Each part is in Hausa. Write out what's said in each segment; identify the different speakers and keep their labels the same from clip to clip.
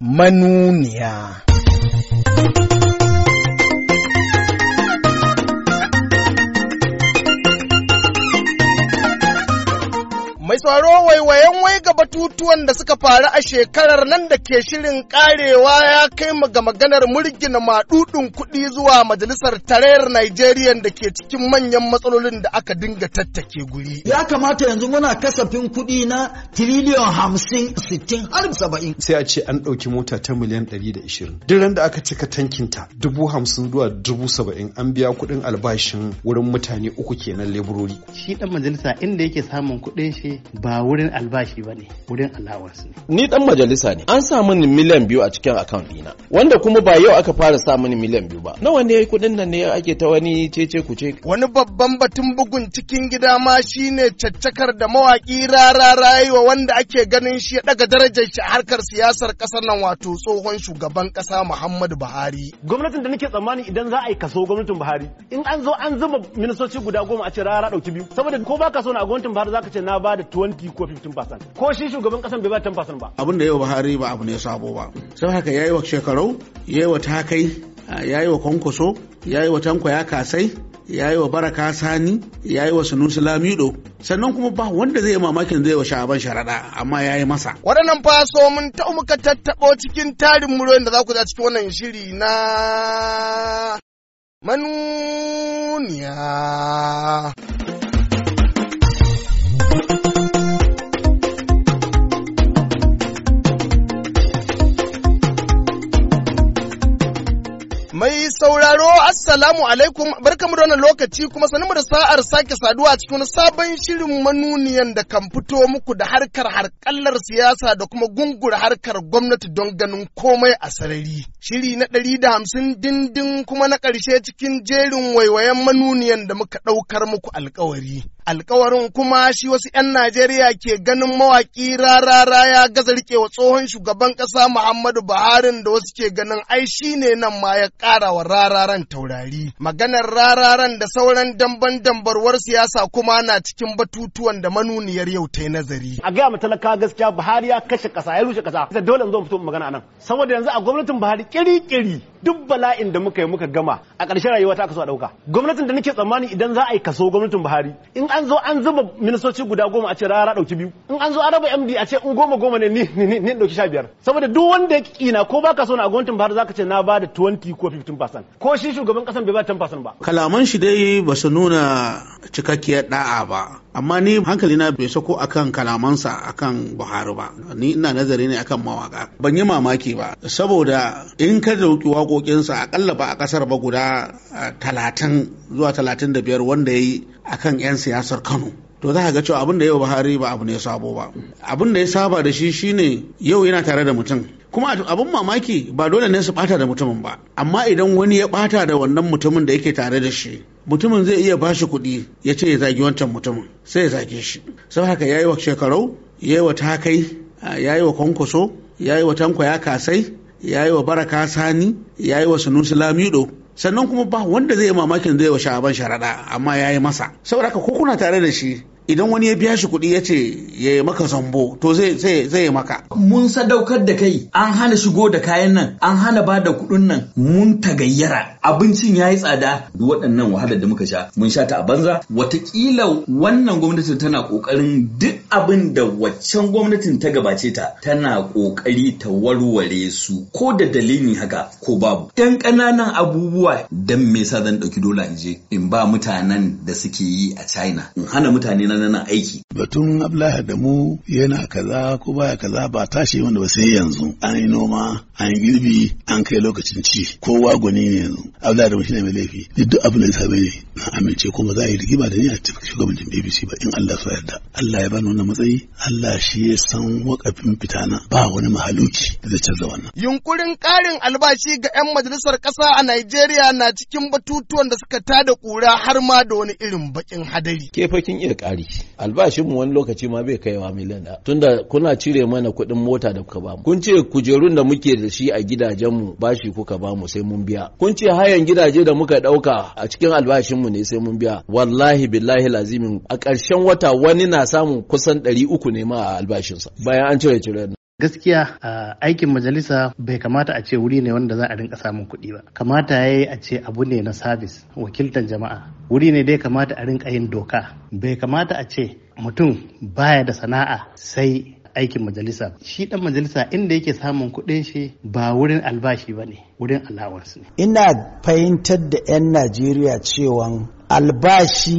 Speaker 1: manuniya. Mai tsaro waiwayen wai ga batutuwan da suka faru a shekarar nan da ke shirin karewa ya kai mu ga maganar murgin maɗuɗin kuɗi zuwa majalisar tarayyar Najeriya da ke cikin manyan matsalolin da aka dinga tattake guri. Ya kamata yanzu muna kasafin kuɗi na tiriliyon hamsin sittin har saba'in. Sai a ce an ɗauki
Speaker 2: mota ta miliyan ɗari da ishirin. Duk da aka cika tankinta dubu hamsin zuwa dubu saba'in an biya kuɗin albashin wurin mutane uku kenan leburori.
Speaker 1: Shi ɗan majalisa inda yake samun
Speaker 3: kuɗin shi ba wurin albashi ba ne wurin allowance ne. Ni dan majalisa ne an sa mini miliyan biyu a cikin account dina wanda kuma ba yau aka fara sa mini miliyan biyu ba nawa ne kudin nan ne ake ta wani cece ce? Wani babban batun bugun cikin gida ma shine caccakar
Speaker 1: da mawaƙi rara rayuwa wanda ake ganin shi ya daga darajar shi a harkar siyasar kasar nan
Speaker 3: wato tsohon shugaban ƙasa Muhammadu Buhari. Gwamnatin da nake tsammani idan za a yi kaso gwamnatin Buhari in an zo an zuba ministoci guda goma a ce rara dauki biyu saboda ko ba ka so na gwamnatin Buhari zaka ce na ba da 20 ko 15% ko shi shugaban kasan bai ba 10% ba
Speaker 4: abin da yau Buhari ba abu ne sabo ba sai haka yayi wa shekarau yayi wa takai yayi wa kwankwaso yayi wa tanko ya kasai yayi wa baraka sani yayi wa sunusi lamido sannan kuma ba wanda zai mamakin zai wa sha'aban sharada amma yayi yi masa waɗannan
Speaker 1: faso mun ta muka tattabo cikin tarin muryoyin da za ku za cikin wannan shiri na
Speaker 2: manuniya
Speaker 1: sauraro assalamu alaikum barkamu da wannan lokaci kuma sanin da sa'ar sake saduwa cikin sabon shirin manuniyan da kan fito muku da harkar harkallar siyasa da kuma gungura harkar gwamnati don ganin komai a sarari. Shiri na ɗari da hamsin dindin kuma na ƙarshe cikin jerin waiwayen manuniyan da muka ɗaukar muku alkawari. alkawarin kuma shi wasu 'yan Najeriya ke ganin mawaƙi rarara ya gaza wa tsohon shugaban ƙasa Muhammadu Buhari da wasu ke ganin ai shi ne nan ma ya ƙara wa rararan taurari. Maganar rararan da sauran damban dambarwar siyasa kuma na cikin batutuwan da manuniyar
Speaker 3: yau ta yi nazari. A gaya talaka gaskiya Buhari ya kashe ƙasa ya rushe ƙasa. Dole in zo fito magana nan. Saboda yanzu a gwamnatin Buhari kiri-kiri duk bala'in da muka yi muka gama a ƙarshen rayuwa ta aka so a ɗauka gwamnatin da nake tsammani idan za a yi kaso gwamnatin buhari in an zo an zuba ministoci guda goma a ce rara ɗauki biyu in an zo an raba md a ce in goma goma ne ni ni ɗauki sha biyar saboda duk wanda ya ƙina ko ka so na a gwamnatin buhari ka ce na ba da 20 ko 15 ko shi shugaban ƙasan bai ba 10
Speaker 4: ba kalaman shi dai ba su nuna cikakkiyar da'a ba amma ni hankali na bai sako akan kalamansa akan buhari ba ni ina nazari ne akan mawaka ban yi mamaki ba saboda in ka dauki waƙoƙinsa akalla ba a ƙasar ba guda talatin zuwa talatin da biyar wanda ya yi akan 'yan siyasar kano to za ka ga cewa abin da yau buhari ba abu ne sabo ba abin da ya saba da shi shine yau yana tare da mutum kuma abin mamaki ba dole ne su bata da mutumin ba amma idan wani ya bata da wannan mutumin da yake tare da shi mutumin zai iya bashi kuɗi ya ce ya zagi wancan mutumin sai ya zage shi sau haka ya yi wa shekarau ya yi wa takai ya yi wa kwankwaso ya yi wa tanko ya kasai ya yi wa baraka sani ya yi wa sunusi lamido sannan kuma ba wanda zai yi mamakin zai wa sha'aban sharaɗa amma ya yi masa saboda haka ko kuna tare da shi idan wani ya biya shi kuɗi ya ce ya yi maka zambo to zai yi maka. Mun sadaukar da kai an hana shigo da kayan nan an hana ba da kuɗin nan mun tagayyara abincin ya yi tsada
Speaker 3: waɗannan wahalar da muka sha mun sha ta a banza watakila wannan gwamnatin tana ƙoƙarin duk abin da waccan gwamnatin ta gabace ta tana ƙoƙari ta warware su ko da dalilin haka ko babu. Dan ƙananan abubuwa dan me yasa zan ɗauki dola in je in ba mutanen da suke yi a China in hana mutane na gudanar aiki. Batun Abdullahi da mu yana kaza ko baya kaza ba tashi wanda ba sai yanzu an yi noma an yi girbi an kai lokacin ci kowa gwani ne yanzu Abdullahi da mu shine mai laifi duk abin da ya same ni na amince kuma za a yi rigima da ni a cikin shugabancin BBC ba in Allah ya yarda. Allah ya bani wannan matsayi Allah shi ya san wakafin fitana ba wani mahaluki da zai canza wannan.
Speaker 1: Yunkurin ƙarin albashi ga 'yan majalisar ƙasa a Najeriya na cikin batutuwan da suka tada kura har ma da wani irin bakin
Speaker 3: hadari. Kefakin iya ƙari albashin albashinmu wani lokaci ma bai kai wa miliyan da tunda kuna cire mana kuɗin mota da kuka bamu kun ce kujerun da muke da shi a gidajenmu bashi kuka bamu sai mun biya kun ce hayan gidaje da muka ɗauka a cikin albashinmu ne sai mun biya wallahi billahi lazimin a ƙarshen wata wani na samun kusan ɗari uku ne ma a albashinsa bayan an cire cire
Speaker 1: gaskiya a aikin majalisa bai kamata a ce wuri ne wanda za a rinka samun kuɗi ba kamata ya yi a ce abu ne na sabis wakiltar jama'a wuri ne dai kamata a rinka yin doka bai kamata a ce mutum baya da sana'a sai aikin majalisa shi dan majalisa inda yake samun kuɗin shi
Speaker 3: ba wurin albashi ba ne wurin allawarsu ne ina fahimtar da 'yan najeriya cewa albashi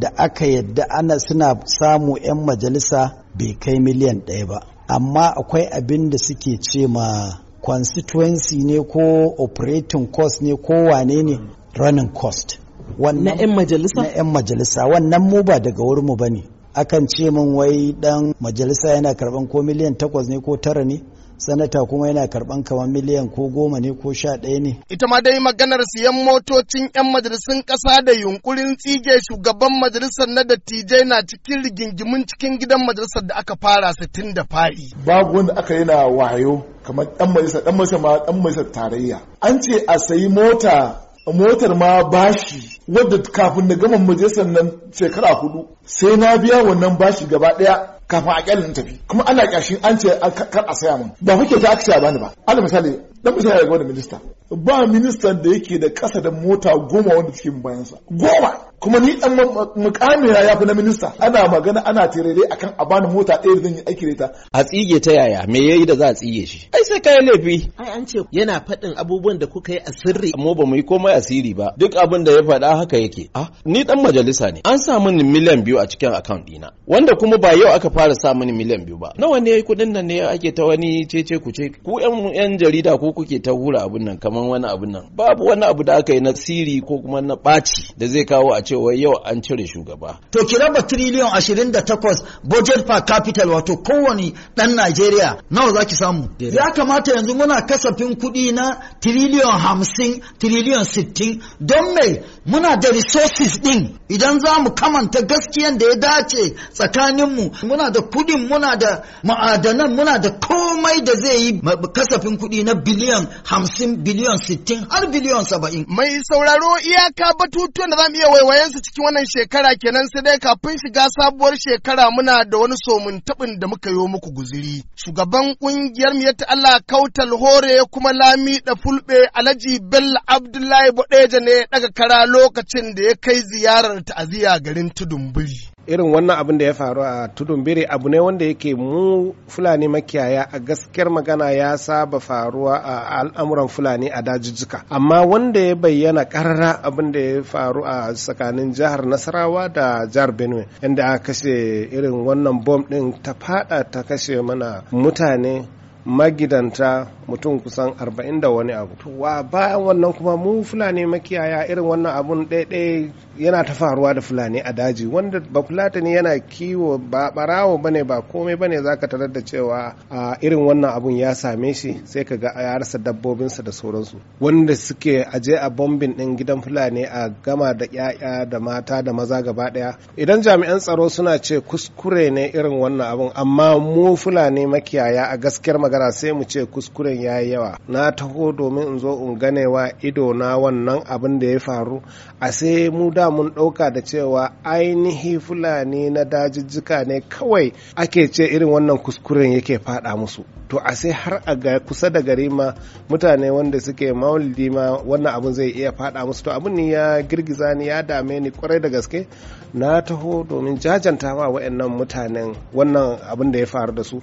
Speaker 3: da aka yadda ana suna samu 'yan majalisa bai kai miliyan ɗaya ba amma akwai abin da suke ce ma constituency ne ko operating cost ne ko wane ne mm. running cost na 'yan majalisa na 'yan majalisa wannan mu ba daga wurin mu ne akan ce min wai dan majalisa yana karban ko miliyan takwas ne ko tara ne sanata kuma yana karban kamar miliyan ko goma ne ko sha ɗaya ne.
Speaker 1: Ita ma dai maganar siyan motocin 'yan majalisun ƙasa da yunkurin tsige shugaban majalisar na dattijai na cikin rigingimin cikin gidan majalisar da aka fara sittin da fari. Babu wanda aka yi na wayo kamar ɗan majalisar ɗan majalisar ma ɗan majalisar tarayya. An ce a sayi mota motar ma bashi wadda kafin na gama majalisar nan shekara hudu sai na biya wannan bashi gaba ɗaya kafin a kyalin tafi kuma ana kyashi an ce kar a saya mun. ba kuke ta aksiya a bani ba alal misali dan misali ga wani minista ba minista da yake da kasa da mota goma wanda
Speaker 3: bayan bayansa goma kuma ni dan mukamira ya fi na minista ana magana ana tirare akan a bani mota ɗaya da zan yi aiki da ta. a tsige ta yaya me yayi da za a tsige shi ai sai kai laifi ai an ce yana faɗin abubuwan da kuka yi a sirri amma ba mu yi komai asiri ba duk abin da ya faɗa haka yake ah ni dan majalisa ne an sa min miliyan biyu a cikin account ɗina wanda kuma ba yau aka fara sa mini miliyan biyu ba nawa ne kuɗin nan ne ake ta wani cece ku ce ku yan yan jarida ko kuke ta hura abun nan kaman wani abun nan babu wani abu da aka yi na siri ko kuma na ɓaci da zai kawo a cewa yau an cire shugaba to ki raba triliyon ashirin da takwas budget per capital wato kowane ɗan Najeriya nawa za ki samu ya kamata yanzu muna kasafin kuɗi na triliyon hamsin triliyon sittin don me muna da resources ɗin idan za mu kamanta gaskiyan da ya dace tsakaninmu
Speaker 1: muna muna da kudin muna da ma'adanan muna da komai da zai yi kasafin
Speaker 3: kudi na biliyan hamsin biliyan sittin har biliyan saba'in. Mai sauraro
Speaker 1: iyaka batutuwan da za mu iya waiwayen su cikin wannan shekara kenan sai dai kafin shiga sabuwar shekara muna da wani somin tabin da muka yo muku guziri. Shugaban kungiyar mu ta Allah Kautal Hore kuma Lami da Fulbe Alhaji Bello Abdullahi Bodeja ne daga kara lokacin da ya kai ziyarar ta'aziyya garin biri.
Speaker 2: irin wannan abin da ya faru a tudun biri abu ne wanda yake mu fulani makiyaya a gaskiyar magana ya saba faruwa a al'amuran fulani a dajijjika amma wanda ya bayyana karara abin da ya faru a tsakanin jihar nasarawa da jihar benue inda a kashe irin wannan bom din ta fada ta kashe mana mutane magidanta mutum kusan arba'in da wani abu wa bayan wannan kuma mu fulani makiyaya irin wannan abun ɗaiɗai yana ta faruwa da fulani a daji wanda ba fulata ne yana kiwo ba barawo bane ba komai bane zaka tarar da cewa a irin wannan abun ya same shi sai ka ga ya rasa dabbobinsa da sauransu wanda suke aje a bombin ɗin gidan fulani a gama da 'ya'ya da mata da maza gaba ɗaya idan jami'an tsaro suna ce kuskure ne irin wannan abun amma mu fulani makiyaya a gaskiyar magana shekara sai mu ce kuskuren ya yi yawa na taho domin in zo in gane wa ido na wannan abin da ya faru a sai mu da mun ɗauka da cewa ainihi fulani na dajijjika ne kawai ake ce irin wannan kuskuren yake faɗa musu to a sai har a ga kusa da gari ma mutane wanda suke maulidi ma wannan abin zai iya faɗa musu to abin ya girgiza ni ya dame ni kwarai da gaske na taho domin jajanta wa waɗannan mutanen wannan abin da ya faru da su.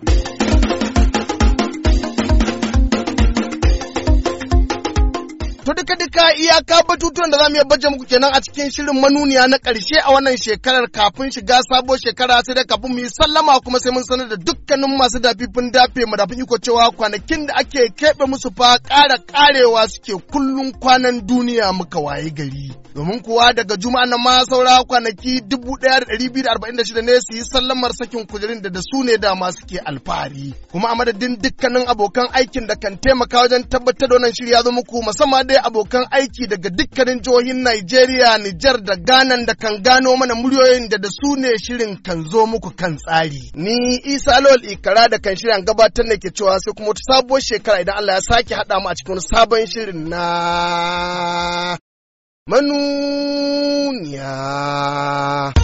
Speaker 1: துடுக்கெடுக்க iyaka batutuwan da za mu iya baje muku kenan a cikin shirin manuniya na ƙarshe a wannan shekarar kafin shiga sabo shekara sai dai kafin mu yi sallama kuma sai mun sanar da dukkanin masu dafifin dafe mu dafin iko cewa kwanakin da ake keɓe musu fa ƙara ƙarewa suke kullum kwanan duniya muka waye gari. Domin kuwa daga juma'a na ma saura kwanaki dubu ne su yi sallamar sakin kujerin da da su ne da masu ke alfahari. Kuma a madadin dukkanin abokan aikin da kan taimaka wajen tabbatar da wannan shirya zo muku musamman dai abokan aiki aiki daga dukkanin jihohin Najeriya, Nijar da Ghana da kan gano mana muryoyin da da su ne shirin kan zo muku kan tsari. Ni Isa Lawal Ikara da kan shirin gabatar da ke cewa sai kuma wata sabuwar shekara idan Allah ya sake haɗa mu a cikin sabon shirin na manuniya.